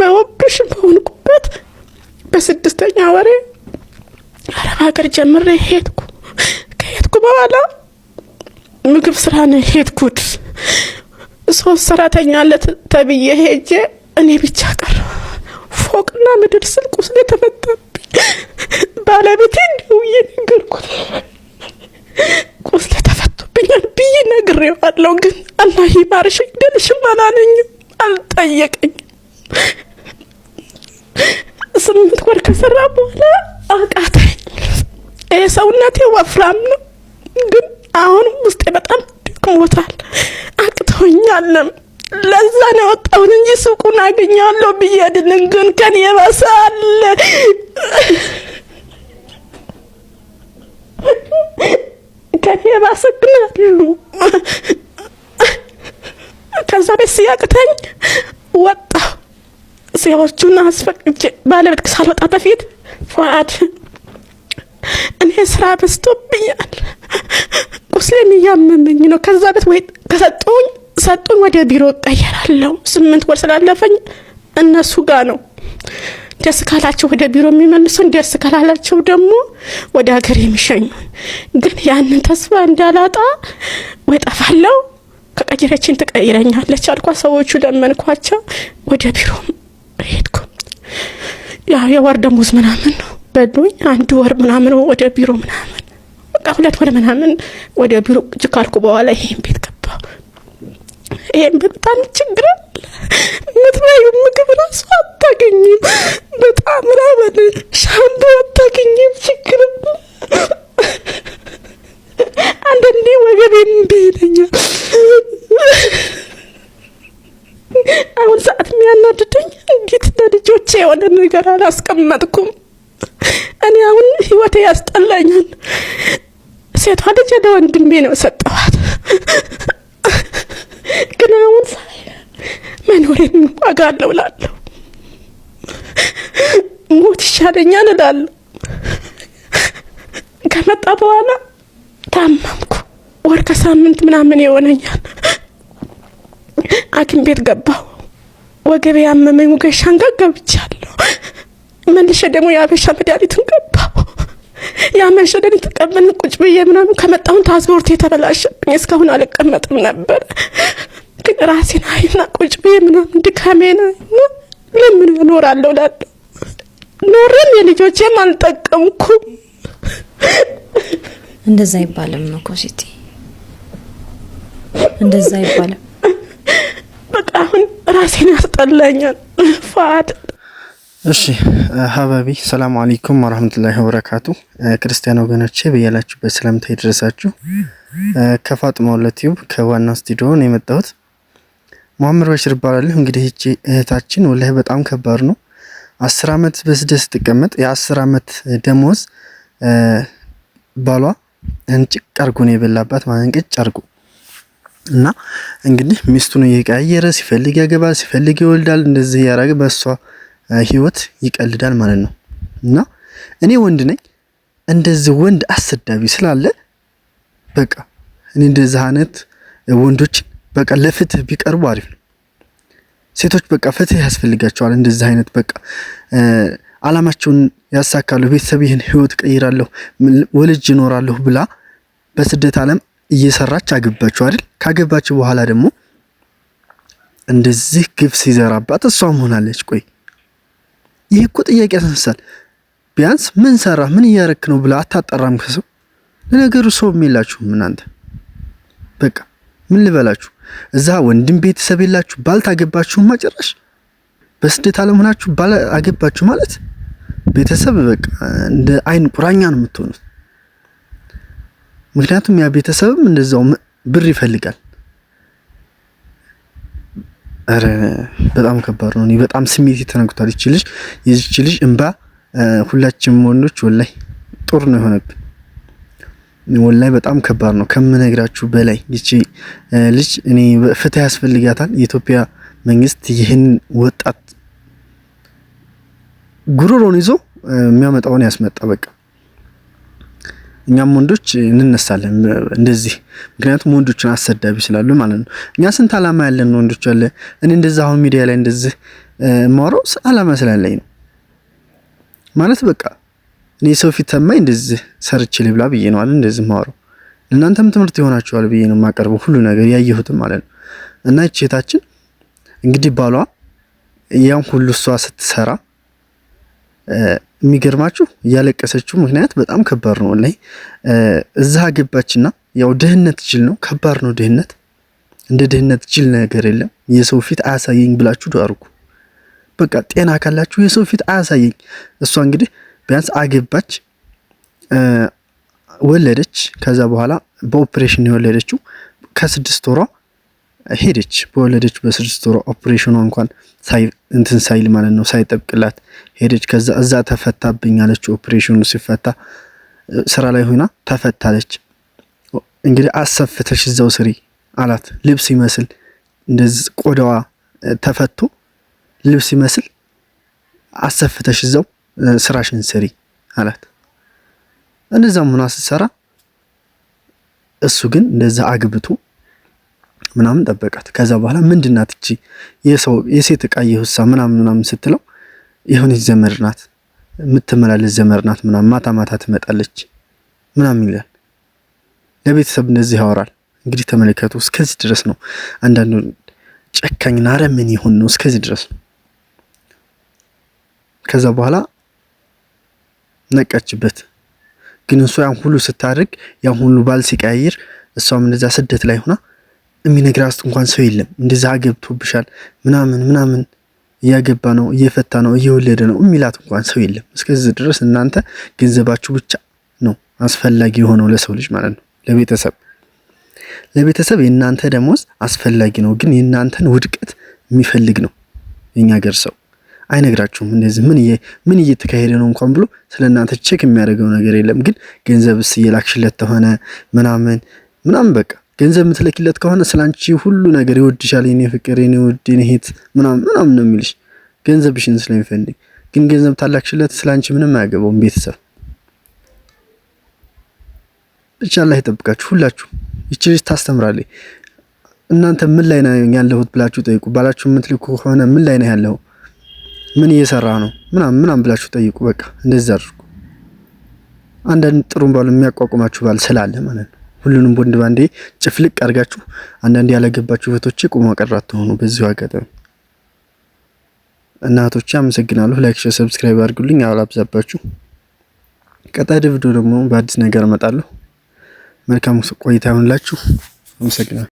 በኦፕሬሽን በሆንኩበት በስድስተኛ ወሬ አረብ ሀገር ጀምሬ ሄድኩ። ከሄድኩ በኋላ ምግብ ስራ ነው ሄድኩት። ሶስት ሰራተኛ አለ ተብዬ ሄጄ እኔ ብቻ ቀረ ፎቅና ምድር ስል ቁስሌ ተፈታብኝ። ባለቤቴ እንዲሁ እየነገርኩት ቁስሌ ተፈቶብኛል ብዬ ነግሬዋለሁ። ግን አላህ ይማርሽ ይደልሽም አላለኝም፣ አልጠየቀኝ ስምንት ወር ከሰራ በኋላ አቃተኝ። ሰውነቴ ወፍራም ነው፣ ግን አሁንም ውስጤ በጣም ደክሞታል፣ አቅቶኛለም። ለዛ ነው የወጣሁት እንጂ ሱቁን አገኘዋለሁ ብዬ አይደለም። ግን ከን የባሰ ከን ከኔ የባሰ ግን አሉ። ከዛ ቤት ሲያቅተኝ ወጣሁ። ሙስያዎቹና አስፈቅጄ ባለቤት ሳልወጣ በፊት ፉአድ እኔ ስራ በዝቶብኛል፣ ቁስሌም እያመመኝ ነው። ከዛ ቤት ወይ ከሰጡኝ ሰጡኝ ወደ ቢሮ ቀየራለሁ። ስምንት ወር ስላለፈኝ እነሱ ጋር ነው። ደስ ካላቸው ወደ ቢሮ የሚመልሱን፣ ደስ ካላላቸው ደግሞ ወደ ሀገር የሚሸኙ። ግን ያንን ተስፋ እንዳላጣ ወይ ጠፋለሁ፣ ከቀየረችን ትቀይረኛለች አልኳ። ሰዎቹ ለመንኳቸው ወደ ቢሮም ሄድኩ። ያ የወር ደሞዝ ምናምን በሉኝ። አንድ ወር ምናምን ወደ ቢሮ ምናምን በቃ ሁለት ወር ምናምን ወደ ቢሮ ቁጭ ካልኩ በኋላ ይሄን ቤት ገባ። ይሄን በጣም ችግር ምት የሆነ ነገር አላስቀመጥኩም። እኔ አሁን ህይወቴ ያስጠላኛል። ሴቷ ልጅ ወደ ወንድሜ ነው ሰጠኋት። ግን አሁን ሳይ መኖሬን ዋጋ አለው እላለሁ። ሞት ይሻለኛል እላለሁ። ከመጣ በኋላ ታመምኩ። ወር ከሳምንት ምናምን ይሆነኛል። ሐኪም ቤት ገባሁ። ወገቤ ያመመኝ ሙገሻን ጋር ገብቻለሁ። መልሼ ደግሞ የአበሻ መድኃኒትን ገባሁ። የአበሻ መድኃኒት ተቀበልን ቁጭ ብዬ ምናምን ከመጣሁን ፓስፖርት የተበላሸብኝ እስካሁን አልቀመጥም ነበር። ግን ራሴን አይና ቁጭ ብዬ ምናምን ድካሜን አይና ለምን እኖራለሁ ላለ ኖረን የልጆቼም አልጠቀምኩም። እንደዛ አይባልም ነው ኮሲቲ፣ እንደዛ አይባልም። በቃ አሁን ራሴን ያስጠላኛል ፋድ። እሺ ሀባቢ ሰላም አለይኩም ወራህመቱላሂ ወበረካቱ። ክርስቲያን ወገኖቼ በያላችሁበት ሰላምታ ይድረሳችሁ። ከፋጥማ ለቲዩብ ከዋና ስቱዲዮ ነው የመጣሁት። መሀመድ በሽር እባላለሁ። እንግዲህ እቺ እህታችን ወላሂ በጣም ከባድ ነው። አስር አመት በስደት ስትቀመጥ የአስር አመት ደሞዝ ባሏ እንጭቅ አርጎ ነው የበላባት። ማንቅጭ አርጎ እና እንግዲህ ሚስቱን እየቀያየረ ሲፈልግ ያገባል፣ ሲፈልግ ይወልዳል። እንደዚህ እያደረገ በእሷ ህይወት ይቀልዳል ማለት ነው። እና እኔ ወንድ ነኝ እንደዚህ ወንድ አሰዳቢ ስላለ በቃ እኔ እንደዚህ አይነት ወንዶች በቃ ለፍትህ ቢቀርቡ አሪፍ ነው። ሴቶች በቃ ፍትህ ያስፈልጋቸዋል። እንደዚህ አይነት በቃ አላማቸውን ያሳካለሁ፣ ቤተሰብ ይህን ህይወት ቀይራለሁ፣ ወልጅ ይኖራለሁ ብላ በስደት ዓለም እየሰራች አገባችሁ አይደል? ካገባችሁ በኋላ ደግሞ እንደዚህ ግብ ሲዘራባት እሷም ሆናለች። ቆይ ይህ እኮ ጥያቄ ያስነሳል። ቢያንስ ምን ሰራ ምን እያረክ ነው ብላ አታጠራም ከሰው። ለነገሩ ሰው የላችሁም እናንተ በቃ ምን ልበላችሁ፣ እዛ ወንድም ቤተሰብ የላችሁ፣ ባል ታገባችሁ ማጨራሽ በስደት አለመሆናችሁ ባል አገባችሁ ማለት ቤተሰብ በቃ እንደ አይን ቁራኛ ነው የምትሆኑት። ምክንያቱም ያ ቤተሰብም እንደዛው ብር ይፈልጋል። ኧረ በጣም ከባድ ነው። በጣም ስሜት የተነግቷል። ይች ልጅ የዚች ልጅ እንባ ሁላችንም ወንዶች ወላይ ጦር ነው የሆነብን። ወላይ በጣም ከባድ ነው ከምነግራችሁ በላይ። ይቺ ልጅ እኔ ፍትህ ያስፈልጋታል። የኢትዮጵያ መንግስት ይህን ወጣት ጉሮሮን ይዞ የሚያመጣውን ያስመጣ በቃ። እኛም ወንዶች እንነሳለን እንደዚህ፣ ምክንያቱም ወንዶችን አሰዳቢ ስላሉ ማለት ነው። እኛ ስንት አላማ ያለን ወንዶች አለ። እኔ እንደዛ አሁን ሚዲያ ላይ እንደዚህ ማውራው አላማ ስላለኝ ነው ማለት በቃ እኔ ሰው ፊት ተማኝ እንደዚህ ሰርቼ ልብላ ብዬ ነው አለ እንደዚህ ማውራው። እናንተም ትምህርት ይሆናችኋል ብዬ ነው የማቀርበው ሁሉ ነገር ያየሁትም ማለት ነው። እና እቺ እህታችን እንግዲህ ባሏ ያን ሁሉ እሷ ስትሰራ የሚገርማችሁ እያለቀሰችው ምክንያት በጣም ከባድ ነው። ላይ እዛ ገባችና ያው ድህነት ጅል ነው፣ ከባድ ነው ድህነት። እንደ ድህነት ጅል ነገር የለም። የሰው ፊት አያሳየኝ ብላችሁ ዱአ በቃ ጤና ካላችሁ የሰው ፊት አያሳየኝ። እሷ እንግዲህ ቢያንስ አገባች፣ ወለደች። ከዛ በኋላ በኦፕሬሽን የወለደችው ከስድስት ወሯ ሄደች። በወለደች በስድስት ወሯ ኦፕሬሽኗ እንኳን እንትን ሳይል ማለት ነው ሳይጠብቅላት ሄደች። ከዛ እዛ ተፈታብኝ አለች። ኦፕሬሽኑ ሲፈታ ስራ ላይ ሆና ተፈታለች። እንግዲህ አሰፍተሽ እዛው ስሪ አላት። ልብስ ይመስል እንደዚህ ቆዳዋ ተፈቶ ልብስ ይመስል አሰፍተሽ እዛው ስራሽን ስሪ አላት። እንደዛም ሆና ስትሰራ እሱ ግን እንደዛ አግብቶ ምናምን ጠበቃት። ከዛ በኋላ ምንድናት እቺ የሰው የሴት እቃ የሁሳ ምናምን ምናምን ስትለው የሆነች ዘመድ ናት የምትመላለስ ዘመድ ናት ምናምን ማታ ማታ ትመጣለች ምናምን ይላል። ለቤተሰብ እንደዚህ ያወራል። እንግዲህ ተመለከቱ። እስከዚህ ድረስ ነው። አንዳንዱ ጨካኝና አረመኔ ይሆን ነው። እስከዚህ ድረስ ነው። ከዛ በኋላ ነቀችበት ግን እሷ ያን ሁሉ ስታደርግ ያን ሁሉ ባል ሲቀያይር እሷም እንደዛ ስደት ላይ ሆና የሚነግራት እንኳን ሰው የለም። እንደዛ አገብቶብሻል ምናምን ምናምን እያገባ ነው እየፈታ ነው እየወለደ ነው የሚላት እንኳን ሰው የለም። እስከዚህ ድረስ እናንተ ገንዘባችሁ ብቻ ነው አስፈላጊ የሆነው ለሰው ልጅ ማለት ነው ለቤተሰብ ለቤተሰብ የእናንተ ደሞዝ አስፈላጊ ነው፣ ግን የእናንተን ውድቀት የሚፈልግ ነው። የኛ ሀገር ሰው አይነግራችሁም። እንደዚህ ምን ምን እየተካሄደ ነው እንኳን ብሎ ስለ እናንተ ቼክ የሚያደርገው ነገር የለም። ግን ገንዘብስ እየላክሽለት ተሆነ ምናምን ምናምን በቃ ገንዘብ የምትለኪለት ከሆነ ስላንቺ ሁሉ ነገር ይወድሻል። የኔ ፍቅር፣ የኔ ውድ፣ የኔ ሄት ምናምን ምናምን ነው የሚልሽ ገንዘብሽን ስለሚፈልግ። ግን ገንዘብ ታላክሽለት ስላንቺ ምንም አያገባውም። ቤተሰብ ብቻ ላይ ይጠብቃችሁ ሁላችሁ። ይቺ ልጅ ታስተምራለች። እናንተ ምን ላይ ነው ያለሁት ብላችሁ ጠይቁ። ባላችሁ የምትልኩ ከሆነ ምን ላይ ነው ያለው፣ ምን እየሰራ ነው ምናምን ምናምን ብላችሁ ጠይቁ። በቃ እንደዚ አድርጉ። አንዳንድ ጥሩም ባሉ የሚያቋቁማችሁ ባል ስላለ ማለት ነው። ሁሉንም ወንድ ባንዴ ጭፍልቅ አድርጋችሁ አንዳንድ ያለገባችሁ እህቶቼ ቁም ቀር አትሆኑ። በዚሁ አጋጣሚ እና አመሰግናለሁ። ላይክ፣ ሼር፣ ሰብስክራይብ አድርጉልኝ። አላብዛባችሁ። ቀጣይ ድብዶ ደግሞ በአዲስ ነገር እመጣለሁ። መልካም ቆይታ ይሁንላችሁ። አመሰግናለሁ።